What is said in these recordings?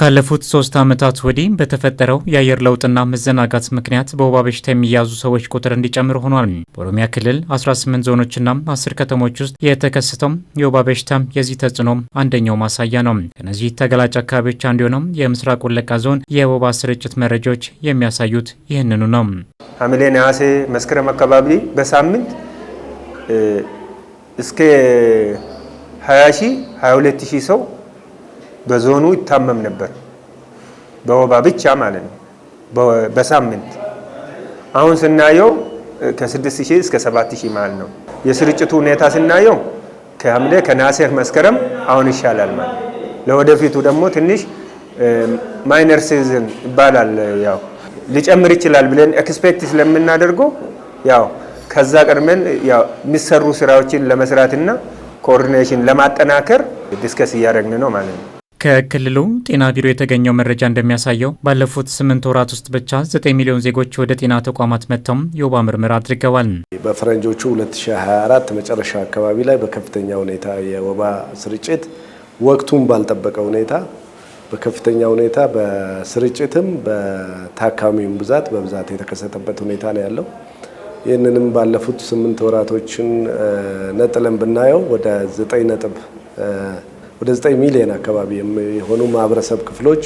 ካለፉት ሶስት ዓመታት ወዲህ በተፈጠረው የአየር ለውጥና መዘናጋት ምክንያት በወባ በሽታ የሚያዙ ሰዎች ቁጥር እንዲጨምር ሆኗል። በኦሮሚያ ክልል 18 ዞኖችና 10 ከተሞች ውስጥ የተከሰተው የወባ በሽታ የዚህ ተጽዕኖ አንደኛው ማሳያ ነው። ከነዚህ ተገላጭ አካባቢዎች አንዱ የሆነው የምስራቅ ወለጋ ዞን የወባ ስርጭት መረጃዎች የሚያሳዩት ይህንኑ ነው። ሐምሌ፣ ነሐሴ፣ መስከረም አካባቢ በሳምንት እስከ 20 22 ሺህ ሰው በዞኑ ይታመም ነበር፣ በወባ ብቻ ማለት ነው በሳምንት አሁን ስናየው ከ ሺህ እስከ ሰባት ማለት ነው። የስርጭቱ ሁኔታ ስናየው ከሐምሌ ከናሴር መስከረም አሁን ይሻላል ማለት ነው። ለወደፊቱ ደግሞ ትንሽ ማይነር ሲዝን ይባላል ያው ሊጨምር ይችላል ብለን ኤክስፔክት ስለምናደርገው ያው ከዛ ቀድመን ያው የሚሰሩ ስራዎችን ለመስራትና ኮኦርዲኔሽን ለማጠናከር ዲስከስ እያደረግን ነው ማለት ነው። ከክልሉ ጤና ቢሮ የተገኘው መረጃ እንደሚያሳየው ባለፉት ስምንት ወራት ውስጥ ብቻ ዘጠኝ ሚሊዮን ዜጎች ወደ ጤና ተቋማት መጥተው የወባ ምርመራ አድርገዋል። በፈረንጆቹ 2024 መጨረሻ አካባቢ ላይ በከፍተኛ ሁኔታ የወባ ስርጭት ወቅቱን ባልጠበቀ ሁኔታ በከፍተኛ ሁኔታ በስርጭትም በታካሚውም ብዛት በብዛት የተከሰተበት ሁኔታ ነው ያለው። ይህንንም ባለፉት ስምንት ወራቶችን ነጥለን ብናየው ወደ ዘጠኝ ነጥብ ወደ 9 ሚሊዮን አካባቢ የሚሆኑ ማህበረሰብ ክፍሎች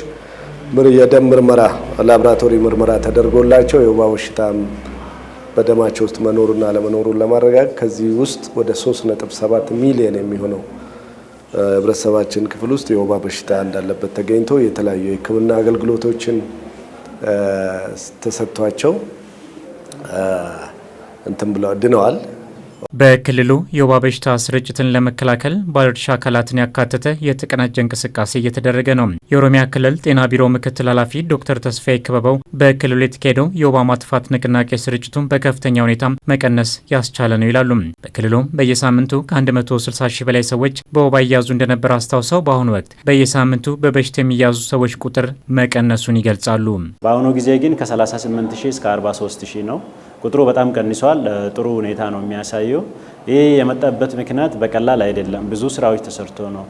የደም ምርመራ ላብራቶሪ ምርመራ ተደርጎላቸው የወባ በሽታ በደማቸው ውስጥ መኖሩና አለመኖሩን ለማረጋገጥ ከዚህ ውስጥ ወደ 3.7 ሚሊዮን የሚሆነው ህብረተሰባችን ክፍል ውስጥ የወባ በሽታ እንዳለበት ተገኝቶ የተለያዩ የሕክምና አገልግሎቶችን ተሰጥቷቸው እንትን ብለው ድነዋል። በክልሉ የወባ በሽታ ስርጭትን ለመከላከል ባለድርሻ አካላትን ያካተተ የተቀናጀ እንቅስቃሴ እየተደረገ ነው። የኦሮሚያ ክልል ጤና ቢሮ ምክትል ኃላፊ ዶክተር ተስፋዬ ክበበው በክልሉ የተካሄደው የወባ ማጥፋት ንቅናቄ ስርጭቱን በከፍተኛ ሁኔታ መቀነስ ያስቻለ ነው ይላሉ። በክልሉ በየሳምንቱ ከ160 ሺህ በላይ ሰዎች በወባ እያዙ እንደነበር አስታውሰው በአሁኑ ወቅት በየሳምንቱ በበሽታ የሚያዙ ሰዎች ቁጥር መቀነሱን ይገልጻሉ። በአሁኑ ጊዜ ግን ከ38 ሺህ እስከ 43 ሺህ ነው ቁጥሩ በጣም ቀንሷል። ጥሩ ሁኔታ ነው የሚያሳየው። ይህ የመጣበት ምክንያት በቀላል አይደለም። ብዙ ስራዎች ተሰርቶ ነው።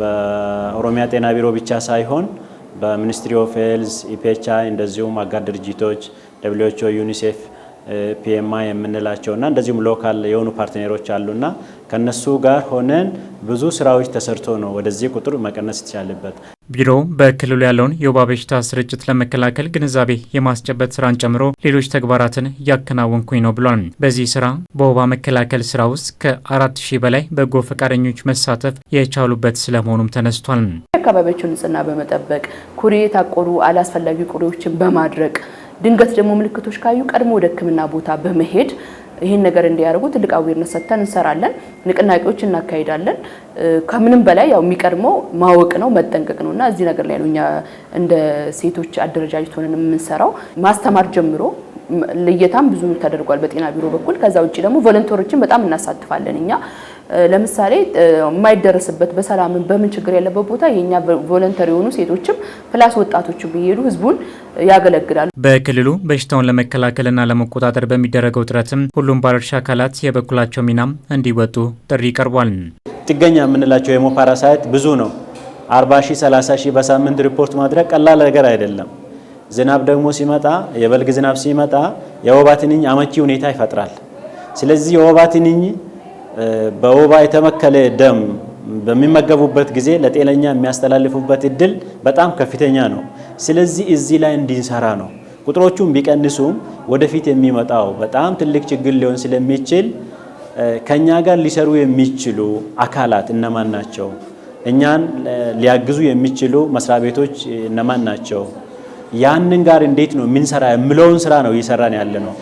በኦሮሚያ ጤና ቢሮ ብቻ ሳይሆን በሚኒስትሪ ኦፍ ሄልዝ፣ ኢፔቻ እንደዚሁም አጋር ድርጅቶች ደብሊዎች፣ ዩኒሴፍ ፒኤምአይ የምንላቸውና እንደዚሁም ሎካል የሆኑ ፓርትነሮች አሉና ከነሱ ጋር ሆነን ብዙ ስራዎች ተሰርቶ ነው ወደዚህ ቁጥር መቀነስ የተቻለበት። ቢሮው በክልሉ ያለውን የወባ በሽታ ስርጭት ለመከላከል ግንዛቤ የማስጨበጥ ስራን ጨምሮ ሌሎች ተግባራትን እያከናወንኩኝ ነው ብሏል። በዚህ ስራ በወባ መከላከል ስራ ውስጥ ከአራት ሺህ በላይ በጎ ፈቃደኞች መሳተፍ የቻሉበት ስለመሆኑም ተነስቷል። አካባቢዎችን ንጽህና በመጠበቅ ኩሬ የታቆሩ አላስፈላጊ ቁሬዎችን በማድረግ ድንገት ደግሞ ምልክቶች ካዩ ቀድሞ ወደ ሕክምና ቦታ በመሄድ ይህን ነገር እንዲያደርጉ ትልቅ አዌርነት ሰጥተን እንሰራለን። ንቅናቄዎች እናካሄዳለን። ከምንም በላይ ያው የሚቀድመው ማወቅ ነው፣ መጠንቀቅ ነው እና እዚህ ነገር ላይ ነው እኛ እንደ ሴቶች አደረጃጀት ሆነን የምንሰራው ማስተማር ጀምሮ ልየታም ብዙ ተደርጓል በጤና ቢሮ በኩል። ከዛ ውጭ ደግሞ ቮለንተሮችን በጣም እናሳትፋለን እኛ ለምሳሌ የማይደረስበት በሰላምን በምን ችግር ያለበት ቦታ የኛ ቮለንተሪ የሆኑ ሴቶችም ፕላስ ወጣቶች ብሄዱ ህዝቡን ያገለግላሉ። በክልሉ በሽታውን ለመከላከልና ለመቆጣጠር በሚደረገው ጥረትም ሁሉም ባለድርሻ አካላት የበኩላቸው ሚናም እንዲወጡ ጥሪ ቀርቧል። ጥገኛ የምንላቸው የሞፓራሳይት ብዙ ነው። 40 ሺህ 30 ሺህ በሳምንት ሪፖርት ማድረግ ቀላል ነገር አይደለም። ዝናብ ደግሞ ሲመጣ የበልግ ዝናብ ሲመጣ የወባ ትንኝ አመቺ ሁኔታ ይፈጥራል። ስለዚህ የወባ ትንኝ በወባ የተመከለ ደም በሚመገቡበት ጊዜ ለጤነኛ የሚያስተላልፉበት እድል በጣም ከፍተኛ ነው። ስለዚህ እዚህ ላይ እንዲንሰራ ነው። ቁጥሮቹን ቢቀንሱም ወደፊት የሚመጣው በጣም ትልቅ ችግር ሊሆን ስለሚችል ከእኛ ጋር ሊሰሩ የሚችሉ አካላት እነማን ናቸው? እኛን ሊያግዙ የሚችሉ መስሪያ ቤቶች እነማን ናቸው? ያንን ጋር እንዴት ነው የምንሰራ የምለውን ስራ ነው እየሰራን ያለ ነው።